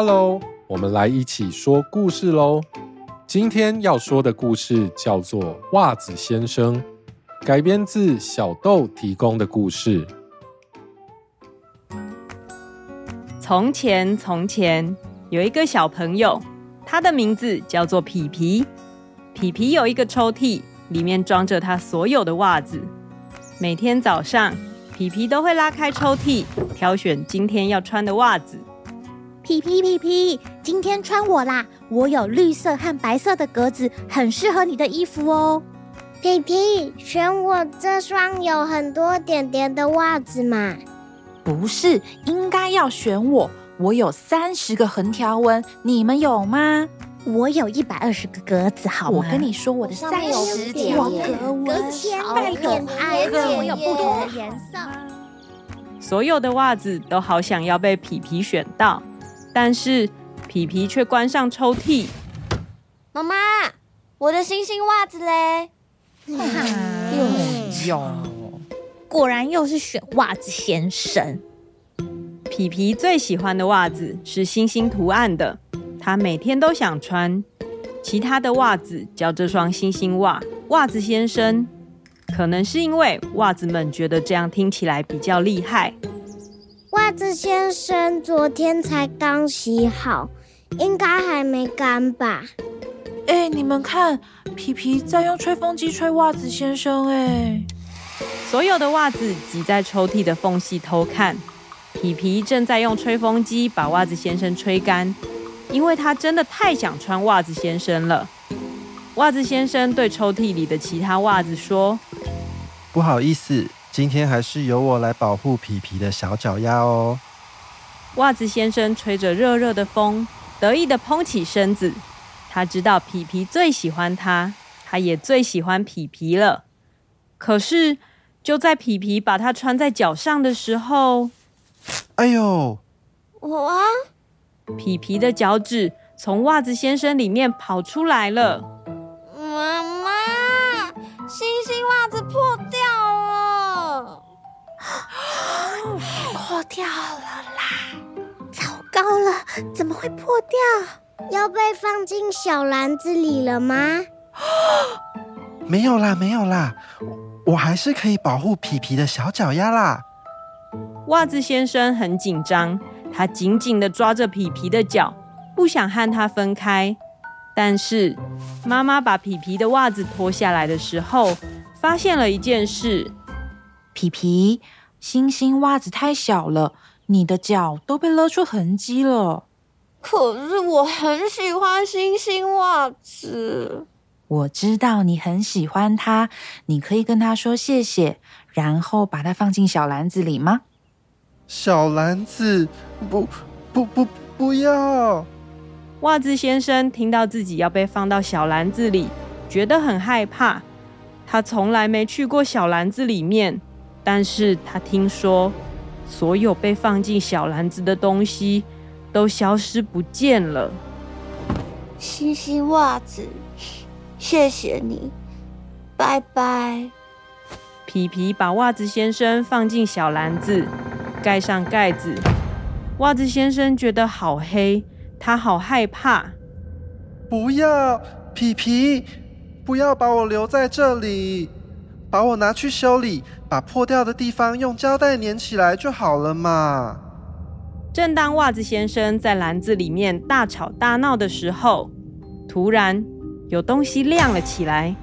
Hello，我們來一起說故事嘍。今天要說的故事叫做《襪子先生》，改編自小豆提供的故事。從前，從前，從前有一個小朋友，他的名字叫做皮皮。皮皮有一個抽屜，裡面裝着他所有的襪子。每天早上，皮皮都會拉開抽屜，挑選今天要穿的襪子。皮皮皮皮，今天穿我啦！我有綠色和白色的格子，很適合你的衣服哦。皮皮，選我這雙有很多點點的襪子嘛。不是，應該要選我。我有三十個橫條紋，你們有嗎？我有一百二十個格子，好嗎？我跟你說，我的三十條格紋好可愛，而且我有不同顏色。所有的襪子都好想要被皮皮選到。但是皮皮卻關上抽屜。媽媽，我的星星襪子嘞！哈哈、嗯，喲、嗯，果然又是選襪子先生。皮皮最喜歡的襪子是星星圖案的，他每天都想穿。其他的襪子叫這雙星星襪，襪子先生，可能是因為襪子們覺得這樣聽起來比較厲害。襪子先生昨天才剛洗好，應該還沒乾吧？哎、欸，你們看，皮皮在用吹風機吹襪子先生。哎，所有的襪子擠在抽屜的縫隙偷看。皮皮正在用吹風機把襪子先生吹乾，因為他真的太想穿襪子先生了。襪子先生對抽屜裡的其他襪子說：“不好意思。”今天還是由我來保護皮皮的小腳丫哦。襪子先生吹着熱熱的風，得意的蓬起身子。他知道皮皮最喜歡他，他也最喜歡皮皮了。可是就在皮皮把它穿在腳上的時候，哎呦！我啊！皮皮的腳趾從襪子先生裡面跑出來了。掉了啦！糟糕了，怎麼會破掉？要被放進小籃子裡了嗎？沒有啦，沒有啦，我還是可以保護皮皮的小腳丫啦。襪子先生很緊張，他緊緊地抓着皮皮的腳，不想和他分開。但是媽媽把皮皮的襪子脫下來的時候，發現了一件事：皮皮。星星襪子太小了，你的腳都被勒出痕跡了。可是我很喜歡星星襪子。我知道你很喜歡它，你可以跟他說謝謝，然後把它放進小籃子裡嗎？小籃子？不不不，不要！襪子先生聽到自己要被放到小籃子裡，覺得很害怕。他從來沒去過小籃子裡面。但是他聽說，所有被放進小籃子的東西都消失不見了。西西襪子，謝謝你，拜拜。皮皮把襪子先生放進小籃子，蓋上蓋子。襪子先生覺得好黑，他好害怕。不要，皮皮，不要把我留在這裡，把我拿去修理。把破掉的地方用膠帶粘起來就好了嘛。正當襪子先生在籃子裡面大吵大鬧的時候，突然有東西亮了起來，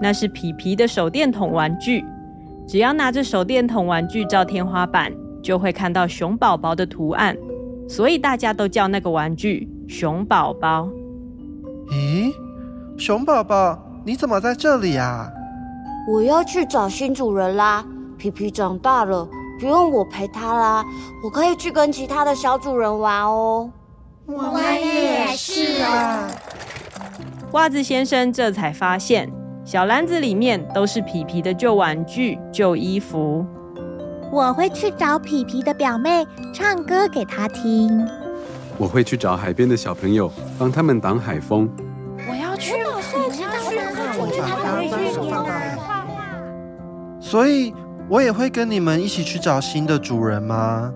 那是皮皮的手電筒玩具。只要拿着手電筒玩具照天花板，就會看到熊寶寶的圖案，所以大家都叫那個玩具“熊寶寶”。咦，熊寶寶，你怎麼在這裡啊？我要去找新主人啦！皮皮長大了，不用我陪他啦，我可以去跟其他的小主人玩哦。我們也是啊。襪子先生這才發現，小籃子裡面都是皮皮的舊玩具、舊衣服。我會去找皮皮的表妹，唱歌給她聽。我會去找海邊的小朋友，幫他們擋海風。所以，我也會跟你們一起去找新的主人嗎？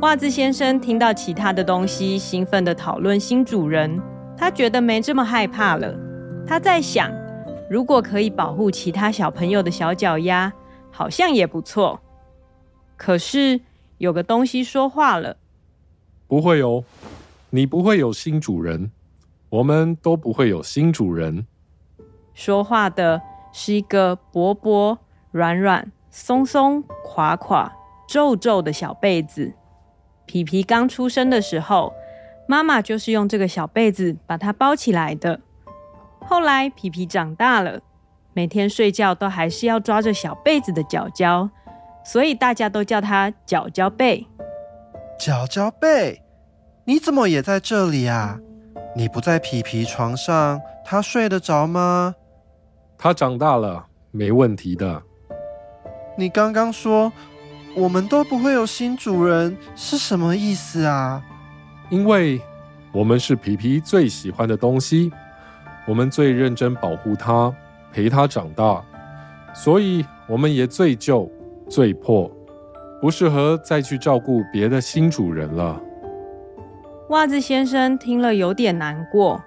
襪子先生聽到其他的東西，興奮的討論新主人。他覺得沒這麼害怕了。他在想，如果可以保護其他小朋友的小腳丫，好像也不錯。可是有個東西說話了：“不會哦，你不會有新主人，我們都不會有新主人。”說話的是一個伯伯。軟軟鬆鬆垮垮皺皺的小被子，皮皮剛出生的時候，媽媽就是用這個小被子把它包起來的。後來皮皮長大了，每天睡覺都還是要抓着小被子的角角，所以大家都叫它角角被。角角被，你怎麼也在這裡啊？你不在皮皮床上，他睡得着嗎？他長大了，沒問題的。你剛剛說，我們都不會有新主人是什麼意思啊？因為，我們是皮皮最喜歡的東西，我們最認真保護它，陪它長大，所以我們也最舊、最破，不適合再去照顧別的新主人了。襪子先生聽了有點難過，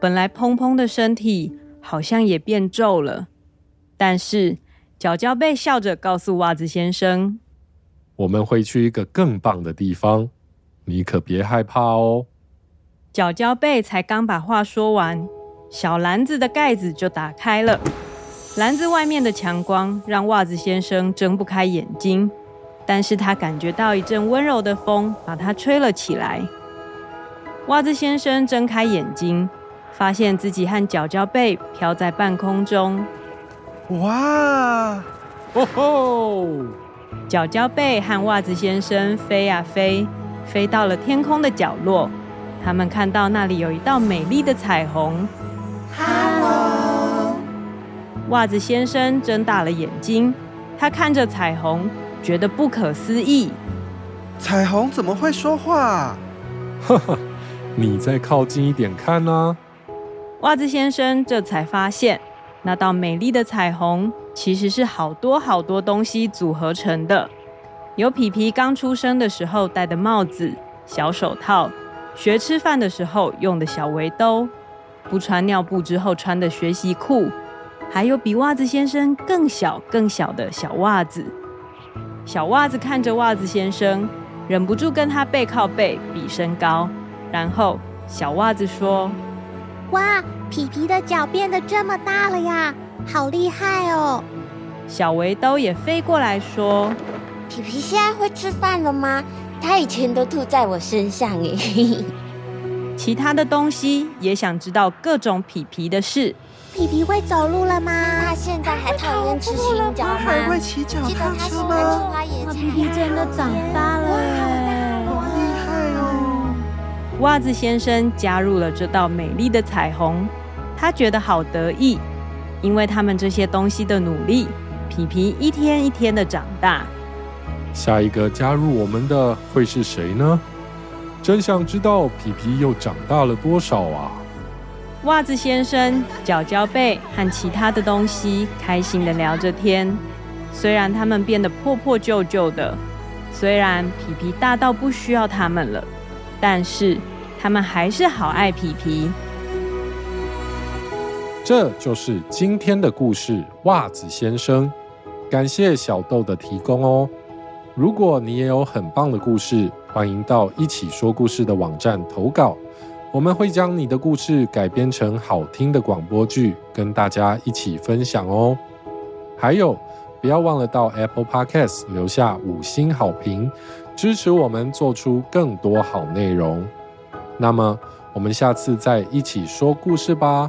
本來蓬蓬的身體好像也變皺了，但是。腳腳背笑着告訴襪子先生：“我們會去一個更棒的地方，你可別害怕哦。”腳腳背才剛把話說完，小籃子的蓋子就打開了。籃子外面的強光讓襪子先生睜不開眼睛，但是他感覺到一陣溫柔的風把他吹了起來。襪子先生睜開眼睛，發現自己和腳腳背飄在半空中。哇哦吼！腳腳背和襪子先生飛呀、啊、飛，飛到了天空的角落。他們看到那裡有一道美麗的彩虹。Hello！襪子先生睜大了眼睛，他看着彩虹，覺得不可思議。彩虹怎麼會說話？哈哈，你再靠近一點看呢、啊。襪子先生這才發現。那道美麗的彩虹其實是好多好多東西組合成的，有皮皮剛出生的時候戴的帽子、小手套，學吃飯的時候用的小圍兜，不穿尿布之後穿的學習褲，還有比襪子先生更小更小的小襪子。小襪子看着襪子先生，忍不住跟他背靠背比身高，然後小襪子說：“哇！”皮皮的腳變得這麼大了呀，好厲害哦！小圍兜也飛過來說：“皮皮現在會吃飯了嗎？他以前都吐在我身上耶。 ”其他的東西也想知道各種皮皮的事。皮皮會走路了嗎？他現在還討厭吃青椒嗎？還會騎腳踏車嗎？記得他喜歡吃花椰菜。皮皮真的長大了，好厲害哦！襪子先生加入了這道美麗的彩虹。他覺得好得意，因為他們這些東西的努力，皮皮一天一天的長大。下一個加入我們的會是誰呢？真想知道皮皮又長大了多少啊！襪子先生、腳腳背和其他的東西開心的聊着天，雖然他們變得破破舊舊的，雖然皮皮大到不需要他們了，但是他們還是好愛皮皮。這就是今天的故事，襪子先生。感謝小豆的提供哦。如果你也有很棒的故事，歡迎到一起說故事的網站投稿，我們會將你的故事改編成好聽的廣播劇，跟大家一起分享哦。還有，不要忘了到 Apple Podcast 留下五星好評，支持我們做出更多好內容。那麼，我們下次再一起說故事吧。